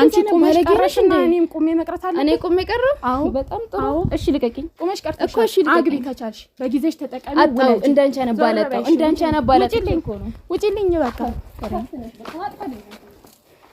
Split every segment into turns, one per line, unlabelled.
አንቺ ቁመሽ ቀረሽ እንዴ? እኔም ቁሜ መቅረት አለ። እኔ ቁሜ ቀረ? አዎ፣ በጣም ጥሩ። እሺ፣ ልቀቂኝ። ቁመሽ ቀርተሽ እኮ እሺ፣ አግቢ ከቻልሽ። በጊዜሽ ተጠቀሚ። አጣው እንዳንቺ አነባለጣው እንዳንቺ ባለጣው። ውጪልኝ፣ ውጪልኝ በቃ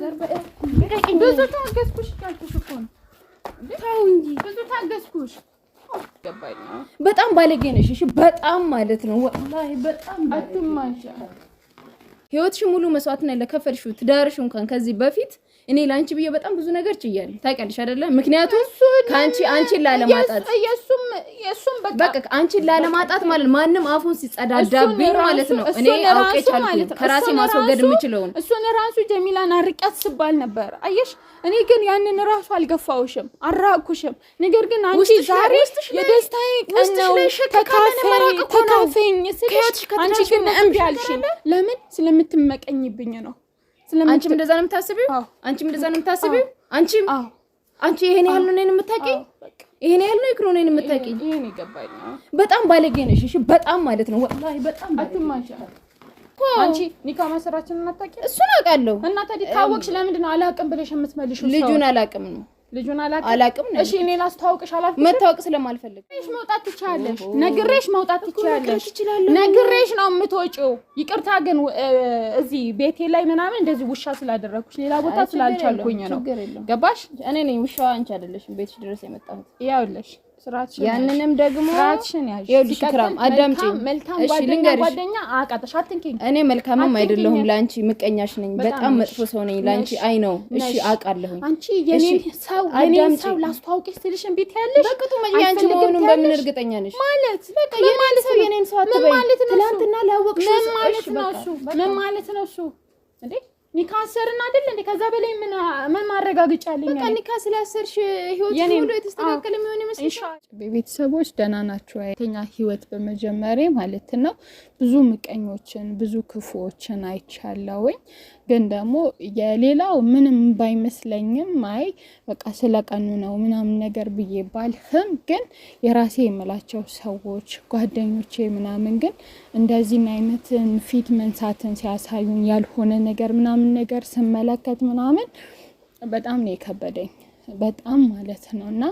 ብዙ ታገዝኩሽ እያልኩሽ እኮ ነው። ተው እንጂ ብዙ ታገዝኩሽ። በጣም ባለጌ ነሽ። እሺ በጣም ማለት ነው። ወላሂ በጣም አትማጫ ህይወትሽ ሙሉ መስዋዕት መስዋዕትነት ለከፈልሽው ትዳርሽ እንኳን ከዚህ በፊት እኔ ለአንቺ ብዬ በጣም ብዙ ነገር ችያለሁ። ታውቂያለሽ አይደለ? ምክንያቱም ከአንቺ አንቺን ላለማጣት የእሱ እሱም በቃ አንቺን ላለማጣት ማለት ማንም አፉን ሲጸዳዳብኝ ማለት ነው። እኔ አውቄ ቻልኩኝ ከራሴ ማስወገድ የምችለውን እሱን ራሱ ጀሚላን አርቂያት ስባል ነበር። አየሽ፣ እኔ ግን ያንን ራሱ አልገፋውሽም፣ አራቅኩሽም። ነገር ግን አንቺ ዛሬ የደስታዬ ቀን ነው ተካፈኝ ስልሽ አንቺ ግን እምቢ አልሽኝ። ለምን? ስለምትመቀኝብኝ ነው። አንቺም እንደዛ ነው የምታስቢው። አንቺም እንደዛ ነው የምታስቢው። አንቺም አንቺ ይሄን ያህል ነው እኔን የምታውቂኝ ይሄን ያህል ነው ክሮኔን ነኝ የምታውቂኝ። ይሄን ይገባኝ። በጣም ባለጌ ነሽ። እሺ በጣም ማለት ነው። ወላሂ በጣም አትማሽ። አንቺ ኒካ ማሰራችንን አታውቂም? እሱን አውቃለሁ። እና ታዲያ ታወቅሽ ለምንድን ነው አላውቅም ብለሽ የምትመልሺው? ልጁን አላውቅም ነው ልጁን አላውቅም። እሺ እኔን አስተዋውቅሽ አላልኩሽም? መታወቅ ስለማልፈልግ መውጣት ትችያለሽ። ነግሬሽ መውጣት ትችያለሽ። ነግሬሽ ነው የምትወጪው። ይቅርታ ግን እዚህ ቤቴ ላይ ምናምን እንደዚህ ውሻ ስላደረግኩሽ ሌላ ቦታ ስላልቻልኩኝ ነው። ገባሽ? እኔ ነኝ ውሻዋ፣ አንቺ አይደለሽም ቤትሽ ድረስ የመጣሁት። ያውለሽ ያንንም ደግሞ እኔ መልካምም አይደለሁም ለአንቺ፣ ምቀኛሽ ነኝ፣ በጣም መጥፎ ሰው ነኝ ለአንቺ። አይ ነው እሺ፣ አውቃለሁኝ። አንቺ የኔን ሰው ላስተዋውቅሽ ስልሽ እምቢ ትያለሽ። በቅጡ የአንቺ መሆኑን በምን እርግጠኛ ነሽ? ማለት በቃ የኔን ሰው የኔን ሰው አትበይ። ትናንትና ላወቅሽ ምን ማለት ነው? እሱ ምን ማለት ነው? እሱ እንዴ ኒካ አሰርን አይደል እንዴ? ከዛ በላይ ምን ምን ማረጋገጫ አለኝ? በቃ ኒካ ስላሰርሽ ህይወት ሁሉ የተስተካከለ የሚሆን ይመስልሻል? ቤተሰቦች ደህና ናቸው። አይተኛ ህይወት በመጀመሪያ ማለት ነው ብዙ ምቀኞችን ብዙ ክፉዎችን አይቻለውኝ። ግን ደግሞ የሌላው ምንም ባይመስለኝም አይ በቃ ስለ ቀኑ ነው ምናምን ነገር ብዬ ባልህም ግን የራሴ የምላቸው ሰዎች ጓደኞቼ ምናምን ግን እንደዚህን አይነትን ፊት መንሳትን ሲያሳዩን ያልሆነ ነገር ምናምን ነገር ስመለከት ምናምን በጣም ነው የከበደኝ በጣም ማለት ነው እና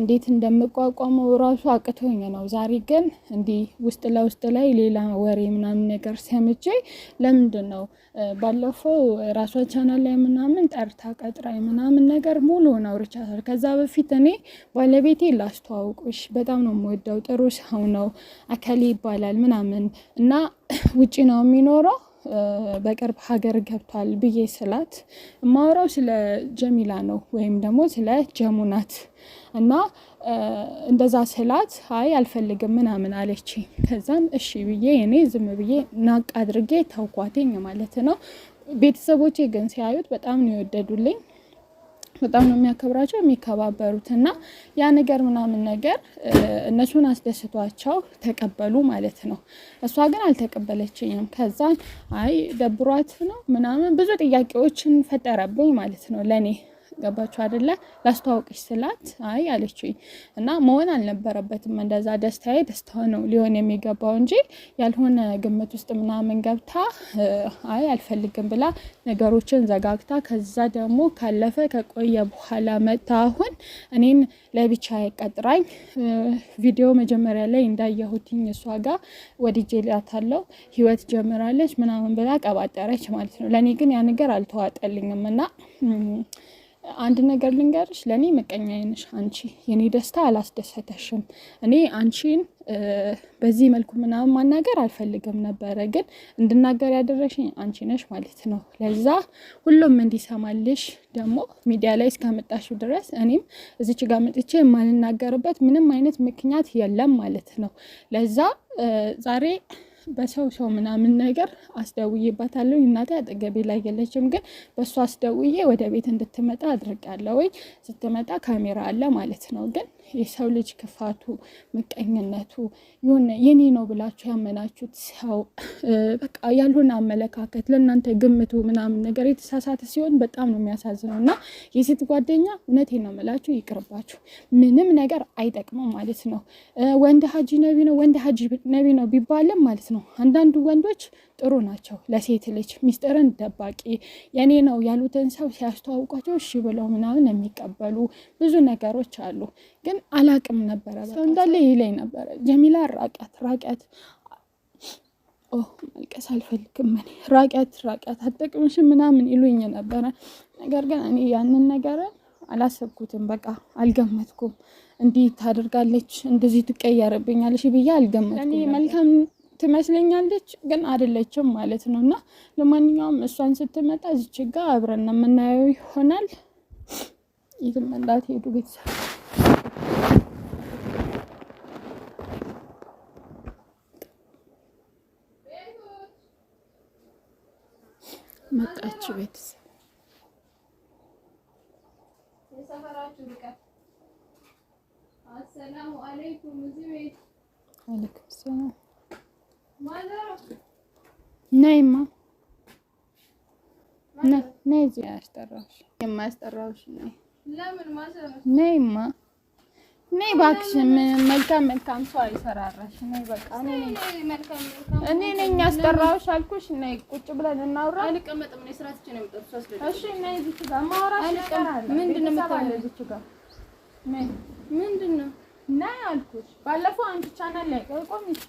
እንዴት እንደምቋቋመው ራሱ አቅቶኝ ነው። ዛሬ ግን እንዲህ ውስጥ ለውስጥ ላይ ሌላ ወሬ ምናምን ነገር ሰምቼ ለምንድን ነው ባለፈው ራሷ ቻናል ላይ ምናምን ጠርታ ቀጥራይ ምናምን ነገር ሙሉ ነው ርቻታል። ከዛ በፊት እኔ ባለቤቴ ላስተዋውቅሽ፣ በጣም ነው የምወደው፣ ጥሩ ሰው ነው፣ አከሌ ይባላል ምናምን እና ውጭ ነው የሚኖረው በቅርብ ሀገር ገብቷል ብዬ ስላት ማውራው ስለ ጀሚላ ነው ወይም ደግሞ ስለ ጀሙናት እና እንደዛ ስላት አይ አልፈልግም ምናምን አለች። ከዛም እሺ ብዬ እኔ ዝም ብዬ ናቅ አድርጌ ታውኳቴኝ ማለት ነው። ቤተሰቦቼ ግን ሲያዩት በጣም ነው የወደዱልኝ። በጣም ነው የሚያከብራቸው የሚከባበሩት እና ያ ነገር ምናምን ነገር እነሱን አስደስቷቸው ተቀበሉ ማለት ነው። እሷ ግን አልተቀበለችኝም። ከዛ አይ ደብሯት ነው ምናምን ብዙ ጥያቄዎችን ፈጠረብኝ ማለት ነው ለእኔ ገባችሁ አደለ? ላስተዋውቅሽ ስላት አይ አለችኝ። እና መሆን አልነበረበትም እንደዛ። ደስታዬ ደስታ ነው ሊሆን የሚገባው እንጂ ያልሆነ ግምት ውስጥ ምናምን ገብታ አይ አልፈልግም ብላ ነገሮችን ዘጋግታ ከዛ ደግሞ ካለፈ ከቆየ በኋላ መጥታ አሁን እኔን ለብቻ ያቀጥራኝ ቪዲዮ መጀመሪያ ላይ እንዳየሁትኝ እሷ ጋር ወድጄ ላታለው ህይወት ጀምራለች ምናምን ብላ ቀባጠረች ማለት ነው። ለእኔ ግን ያ ነገር አልተዋጠልኝም እና አንድ ነገር ልንገርሽ፣ ለእኔ መቀኛ አይነሽ አንቺ። የኔ ደስታ አላስደሰተሽም። እኔ አንቺን በዚህ መልኩ ምናምን ማናገር አልፈልግም ነበረ፣ ግን እንድናገር ያደረግሽኝ አንቺ ነሽ ማለት ነው። ለዛ ሁሉም እንዲሰማልሽ ደግሞ ሚዲያ ላይ እስካመጣሽው ድረስ እኔም እዚች ጋር መጥቼ የማንናገርበት ምንም አይነት ምክንያት የለም ማለት ነው። ለዛ ዛሬ በሰው ሰው ምናምን ነገር አስደውዬባታለሁ። እናቴ አጠገቤ ላይ የለችም፣ ግን በእሱ አስደውዬ ወደ ቤት እንድትመጣ አድርጋለሁ። ስትመጣ ካሜራ አለ ማለት ነው ግን የሰው ልጅ ክፋቱ፣ ምቀኝነቱ የሆነ የኔ ነው ብላችሁ ያመናችሁት ሰው በቃ ያልሆነ አመለካከት ለእናንተ ግምቱ ምናምን ነገር የተሳሳተ ሲሆን በጣም ነው የሚያሳዝነው። እና የሴት ጓደኛ እውነቴ ነው የምላችሁ ይቅርባችሁ፣ ምንም ነገር አይጠቅምም ማለት ነው። ወንድ ሀጂ ነቢ ነው ወንድ ሀጂ ነቢ ነው ቢባልም ማለት ነው አንዳንዱ ወንዶች ጥሩ ናቸው ለሴት ልጅ ሚስጥርን ደባቂ የኔ ነው ያሉትን ሰው ሲያስተዋውቋቸው እሺ ብለው ምናምን የሚቀበሉ ብዙ ነገሮች አሉ ግን ግን አላቅም ነበረ። ሰው እንዳለ ይለኝ ነበረ፣ ጀሚላ ራቂያት፣ ራቂያት መልቀስ አልፈልግም እኔ ራቂያት፣ ራቂያት አጠቅምሽም ምናምን ይሉኝ ነበረ። ነገር ግን እኔ ያንን ነገር አላሰብኩትም። በቃ አልገመትኩም። እንዲህ ታደርጋለች፣ እንደዚህ ትቀየርብኛለች ብዬ አልገመትኩም። መልካም ትመስለኛለች ግን አይደለችም ማለት ነው። እና ለማንኛውም እሷን ስትመጣ እዚች ጋ አብረን የምናየው ይሆናል። የትም እንዳትሄዱ ቤተሰብ
መጣች ቤተሰብ ነይማ ነይ እዚህ አያስጠራሁሽ የማያስጠራሁሽ ነይማ ነይ እባክሽ፣ መልካም መልካም ሰው አይሰራራሽ። ነይ በቃ እኔ ነኝ ያስጠራሁሽ አልኩሽ። ነይ ቁጭ ብለን እናውራ። አልቀመጥም ነይ ስራ ነው እሺ ምንድን ነው ጋር ምንድን ነው አልኩሽ። ባለፈው አንቺ ቻናል ላይ ከፈለሽ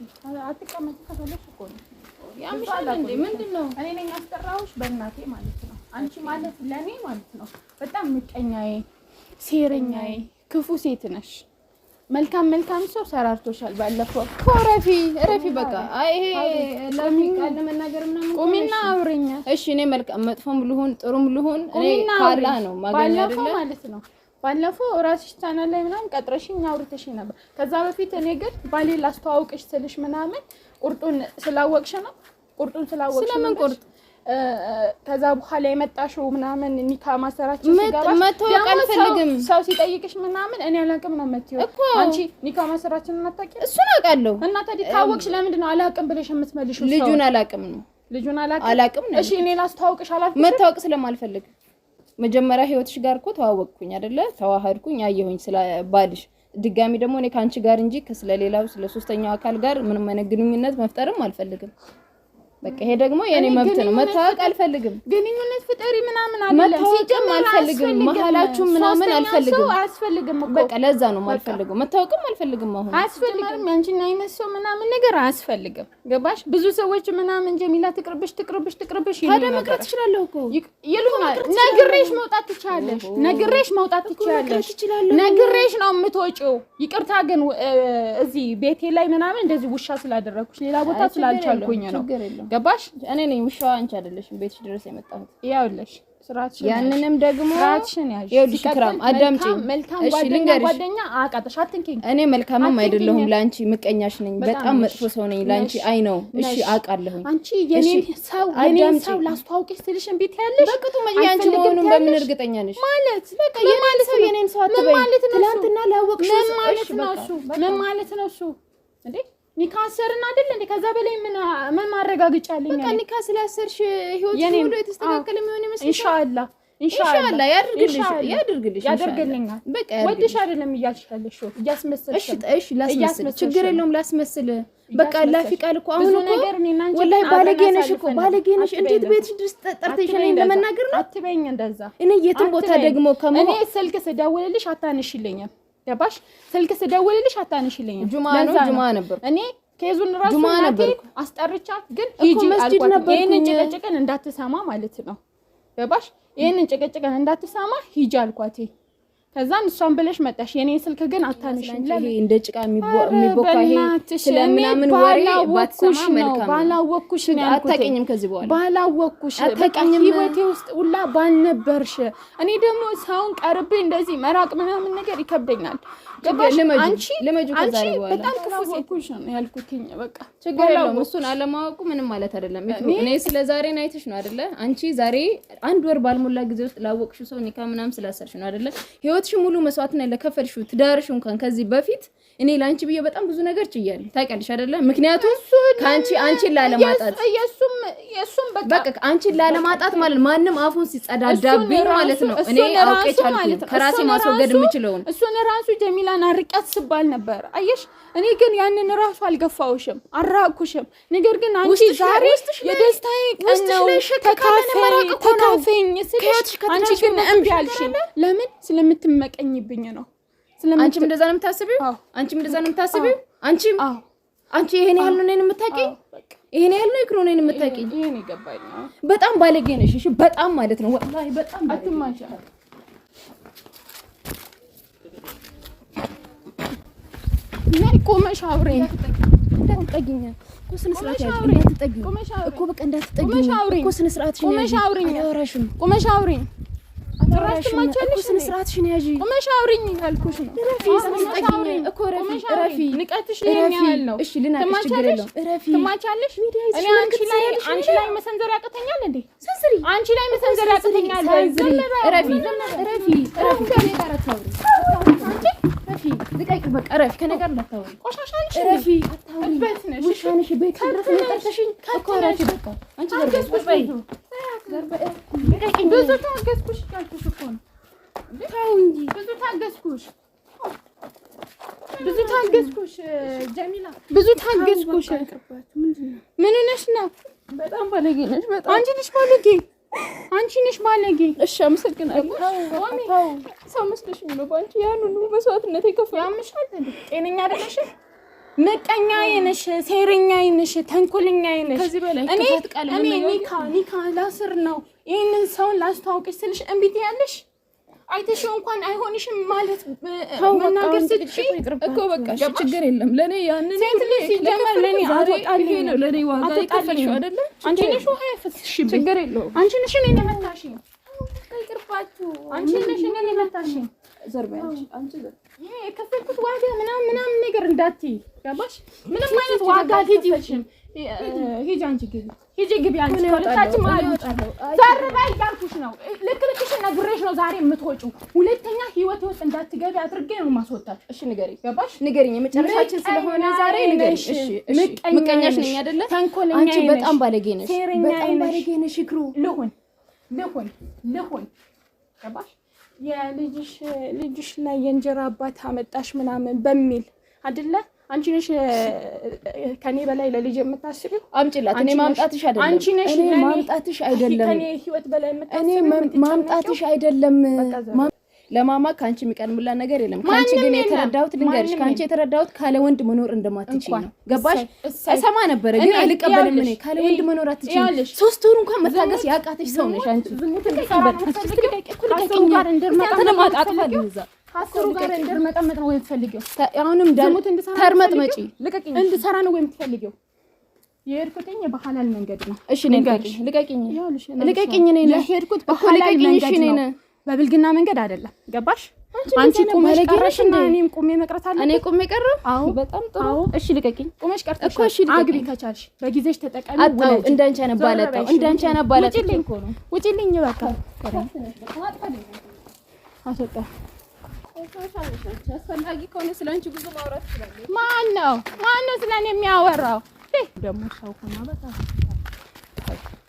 ምንድን ነው እኔ ነኝ በእናቴ ማለት ነው። አንቺ ማለት ማለት ነው በጣም ምቀኛዬ፣ ሴረኛዬ፣ ክፉ ሴት ነሽ። መልካም መልካም ሰው ሰራርቶሻል። ባለፈው ረፊ ረፊ በቃ ይሄ ለሚቃል መናገር ምናምን ቁሚና አውሪኛ። እሺ እኔ መልካም መጥፎም ልሁን ጥሩም ልሁን እኔ ካላ ነው ማገኛ ማለት ነው። ባለፈው ራስሽ ቻናል ላይ ምናምን ቀጥረሽኝ አውርተሽኝ ነበር። ከዛ በፊት እኔ ግን ባሌ ላስተዋውቅሽ ስልሽ ምናምን ቁርጡን ስላወቅሽ ነው። ቁርጡን ስላወቅሽ ስለምን ቁርጥ ከዛ በኋላ የመጣሽው ምናምን ኒካ ማሰራችን መታወቅ አልፈልግም። ሰው ሲጠይቅሽ ምናምን እኔ አላውቅም ነው መት እኮ አንቺ ኒካ ማሰራችን እናታቂ እሱን አውቃለሁ። እና ታዲያ ታወቅሽ ለምንድን ነው አላውቅም ብለሽ የምትመልሺው? ልጁን አላቅም ነው ልጁን አላቅም ነው። እሺ እኔ ላስተዋውቅሽ አላልኩሽም? መታወቅ ስለማልፈልግ መጀመሪያ ህይወትሽ ጋር እኮ ተዋወቅኩኝ አይደለ? ተዋህድኩኝ፣ አየሁኝ ስለባልሽ። ድጋሚ ደግሞ እኔ ከአንቺ ጋር እንጂ ከስለሌላው ስለ ሶስተኛው አካል ጋር ምንም አይነት ግንኙነት መፍጠርም አልፈልግም። በቃ ይሄ ደግሞ የኔ መብት ነው። መታወቅ አልፈልግም፣ ግንኙነት ፍጠሪ ምናምን አይደለም፣ ሲጨም አልፈልግም፣ መሀላችሁ ምናምን አልፈልግም፣ አያስፈልግም። በቃ ለዛ ነው አልፈልግም፣ መታወቅም አልፈልግም። አሁን አያስፈልግም፣ ያንቺን አይነት ሰው ምናምን ነገር አያስፈልግም። ገባሽ? ብዙ ሰዎች ምናምን ጀሚላ ትቅርብሽ፣ ትቅርብሽ፣ ትቅርብሽ ይሉ ታዲያ መቅረት ትችላለሁ እኮ ይሉናል። ነግሬሽ መውጣት ትችላለሽ፣ ነግሬሽ መውጣት ትችላለሽ፣ ነግሬሽ ነው የምትወጪው። ይቅርታ ግን እዚህ ቤቴ ላይ ምናምን እንደዚህ ውሻ ስላደረኩሽ ሌላ ቦታ ስላልቻልኩኝ ነው ገባሽ? እኔ ነኝ ውሻዋ፣ አንቺ አይደለሽም። ቤትሽ ድረስ የመጣሁት ይኸውልሽ። ያንንም ደግሞ ስራችን ይኸውልሽ፣ ክራም አዳምጪኝ። እሺ ልንገርሽ፣ እኔ መልካምም አይደለሁም ላንቺ፣ ምቀኛሽ ነኝ። በጣም መጥፎ ሰው ነኝ ላንቺ። አይ ነው እሺ፣ አውቃለሁኝ። አንቺ የኔን ሰው የኔን ሰው ላስተዋውቅሽ ስልሽ እምቢ ትያለሽ። በቅጡ የአንቺ መሆኑን በምን እርግጠኛ ነሽ? ማለት በቃ የማለት ሰው የኔን ሰው አትበይ። ትናንትና ላወቅሽ ምን ማለት ነው እሱ? ምን ማለት ነው እሱ እንዴ? ኒካ አሰርን አይደል እንዴ? ከዛ በላይ ምን ምን ማረጋገጫ አለኝ? በቃ ኒካ ስላሰርሽ ህይወት ሁሉ የተስተካከለ የሚሆን ይመስል ኢንሻአላ ኢንሻአላ ያድርግልሽ፣ ያድርግልሽ፣ ያድርግልኛል። በቃ ወድሽ አይደለም እያልሻለሽ፣ እያስመሰልሽ። እሺ ላስመስል፣ ችግር የለውም ላስመስል። በቃ ላፊ ቃል እኮ አሁን እኮ ወላሂ ባለጌ ነሽ እኮ ባለጌ ነሽ። እንዴት ቤትሽ ድረስ ጠርተሽ እኔን ለመናገር ነው? አትበይኝ እንደዛ። እኔ የትም ቦታ ደግሞ ከመሆን እኔ ስልክ ስደውልልሽ አታነሺልኝም ገባሽ? ስልክ ስደውልልሽ አታነሺልኝም። ጁማ ነው ጁማ ነበር እኔ ኬዙን ራሱ ናቴ አስጠርቻት፣ ግን እኮ መስጂድ ነበር። ይሄንን ጭቅጭቅን እንዳትሰማ ማለት ነው ገባሽ? ይሄንን ጭቅጭቅን እንዳትሰማ ሂጂ አልኳቴ። ከዛም እሷን ብለሽ መጣሽ። የኔ ስልክ ግን አታነሽም። ለምን እንደ ጭቃ የሚቦካ ይሄ ስለምናምን ወሬ ባትሰማ መልካም። ባላወኩሽ ነው አታውቂኝም። ከዚህ በኋላ ባላወኩሽ አታውቂኝም። ህይወቴ ውስጥ ሁላ ባልነበርሽ። እኔ ደግሞ ሰውን ቀርቤ እንደዚህ መራቅ ምናምን ነገር ይከብደኛል። በጣም ክፉ ሴትሽ ያልኩትኝ በቃ ችግር የለውም። እሱን አለማወቁ ምንም ማለት አይደለም። እኔ ስለ ዛሬ አይተሽ ነው አይደለ? አንቺ ዛሬ አንድ ወር ባልሞላ ጊዜ ውስጥ ላወቅሽው ሰው ኒካ ምናምን ስላሰርሽ ነው አይደለ? ህይወትሽ ሙሉ መስዋዕትና ለከፈልሽው ትዳርሽ እንኳን ከዚህ በፊት እኔ ለአንቺ ብዬ በጣም ብዙ ነገር ችያለሁ። ታውቂያለሽ አይደለ? ምክንያቱም ከአንቺ አንቺን ላለማጣት የሱም በቃ አንቺን ላለማጣት ማለት ማንም አፉን ሲጸዳዳብኝ ማለት ነው። እኔ አውቄ ቻልኩኝ ከራሴ ማስወገድ የምችለውን እሱን ራሱ ጀሚላን አርቂያት ስባል ነበር። አየሽ፣ እኔ ግን ያንን ራሱ አልገፋውሽም፣ አራቅኩሽም። ነገር ግን አንቺ ዛሬ የደስታዬ ቀን ነው ተካፈኝ ስልሽ አንቺ ግን እምቢ አልሽኝ። ለምን? ስለምትመቀኝብኝ ነው አንቺም እንደዛ ነው የምታስቢው? አንቺም እንደዛ ነው የምታስቢው? አንቺም አንቺ ይሄን ያህል ነው እኔን የምታውቂኝ? ይሄን ያህል ነው ይክሩ እኔን የምታውቂኝ? ይሄን ይገባኝ። በጣም ባለጌ ነሽ። እሺ በጣም ማለት ነው ወላሂ በጣም አትማንሻ ላይ ቆመሽ አውሪኝ እንዳትጠጊኝ እኮ ስነ ስርዓት እንዳትጠጊኝ እኮ በቃ እንዳትጠጊኝ እኮ ስነ ስርዓት ቆመሽ አውሪኝ ስነ ስርዓትሽን ያዥ። ቁመሽ አውሪኝ አንቺ ላይ መሰንዘር ያቅተኛል እንዴ? አንቺ ላይ መሰንዘር ያቅተኛል። እረፊ ልቀቂ በቃ እረፊ። ከነገር እንዳታወሪ ቆሻሻ ነሽ። አታውሪ። ውሻ ቤት ድረስ መጠርተሽኝ እኮ እረፊ በቃ አንቺ ብዙ ታገዝኩሽ እያልኩሽ እኮ ነው። ብዙ ታገዝኩሽ ብዙ ታገዝኩሽ ጀሚላ፣ ብዙ ታገዝኩሽ። ምን ነሽ ነው? በጣም ባለጌ ነሽ። በጣም አንቺ ነሽ ባለጌ፣ አንቺ ነሽ ባለጌ። እሺ፣ አመሰግናለሁ። ሰው መስለሽኝ ነው። በአንቺ ያንኑ መስዋዕትነት የከፈለው ያምሻል። ጤነኛ አይደለሽም። ምቀኛ አይነሽ፣ ሴረኛ አይነሽ፣ ተንኮለኛ አይነሽ። ከዚህ በላይ ክፋት ቃል ምን ነው? ኒካ ኒካ ላስር ነው። ይሄንን ሰው ላስተዋውቅሽ ስልሽ እምቢ ትያለሽ። አይተሽ እንኳን አይሆንሽም ማለት መናገር ስትጪ እኮ በቃ ችግር የለም። ለኔ ያንን ሴት ልጅ ሲጀመር ለኔ አትወጣልኝ ነው። ለኔ ዋጋ የከፈልሽው አይደለ? አንቺ ነሽ ውሃ ያፈስሽ። ችግር የለው። አንቺ ነሽ እኔን የመታሽኝ። ይቅርባችሁ። አንቺ ነሽ እኔን የመታሽኝ። ይቅርባችሁ። አንቺ ነሽ እኔን የመታሽኝ። ዘር በያንቺ አንቺ ዘር ይሄ የከፈልኩት ዋጋ ምናምን ምናምን ነገር እንዳትይ ገባሽ? ምንም አይነት ዋጋ ሂጂ ሂጂ አንቺ ግቢ ሂጂ ግቢ አንቺ ሁለታችንም አሉ ዘር በይ እያልኩሽ ነው። ልክ ልክሽን ነግሬሽ ነው ዛሬ የምትወጪው። ሁለተኛ ህይወት ውስጥ እንዳትገቢ አድርጌ ነው የማስወጣት። እሺ ንገሪኝ፣ ገባሽ? ንገሪኝ። የመጨረሻችን ስለሆነ ዛሬ ንገሪኝ። እሺ ምቀኛሽ ነኝ አይደለ? ተንኮለኛ አንቺ በጣም ባለጌ ነሽ። በጣም ባለጌ ነሽ። ይክሩ ልሁን ልሁን ልሁን ገባሽ? የልጅሽና የእንጀራ አባት አመጣሽ ምናምን በሚል አይደለ? አንቺ ነሽ ከኔ በላይ ለልጅ የምታስቢው። አምጪላት። እኔ ማምጣትሽ አይደለም። አንቺ ነሽ ማምጣትሽ አይደለም። ከኔ ህይወት በላይ የምታስቢው እኔ ማምጣትሽ አይደለም። ለማማ ከአንቺ የሚቀድምላት ነገር የለም። ከአንቺ ግን የተረዳሁት ልንገርሽ፣ ከአንቺ የተረዳሁት ካለ ወንድ መኖር እንደማትችል ነው። ገባሽ? እሰማ ነበረ ግን አልቀበልም። እኔ ካለ ወንድ መኖር አትችል። ሶስት ወር እንኳን መታገስ ያቃተሽ ሰው ነሽ አንቺ። ከአስሩ ጋር እንደርመጠመጥ ነው የምትፈልጊው? አሁንም ተርመጥመጪ እንድሰራ ነው የምትፈልጊው? የሄድኩትኝ በሐላል መንገድ ነው። እሺ ልቀቂኝ፣ ልቀቂኝ፣ ልቀቂኝ። ነው የሄድኩት በሐላል መንገድ ነው። በብልግና መንገድ አይደለም። ገባሽ? አንቺ ቁመሽ ቀረሽ እና እኔም ቁሜ መቅረት አለ። እኔ ቁሜ ቀረው። አዎ፣ በጣም ጥሩ። እሺ፣ ልቀቂኝ። ቁመሽ ቀርተሽ እኮ እሺ፣ አግቢ ከቻልሽ፣ በጊዜሽ ተጠቀሚ። አጣው እንዳንቺ አነባለጣው እንዳንቺ አነባለጣው። ውጪልኝ እኮ ነው። ውጪልኝ በቃ አስወጣ። አስፈላጊ ከሆነ ስለ አንቺ ብዙ ማውራት ትችላለሽ። ማን ነው ማን ነው ስለ እኔ የሚያወራው ደግሞ? ሰው ሆና በጣም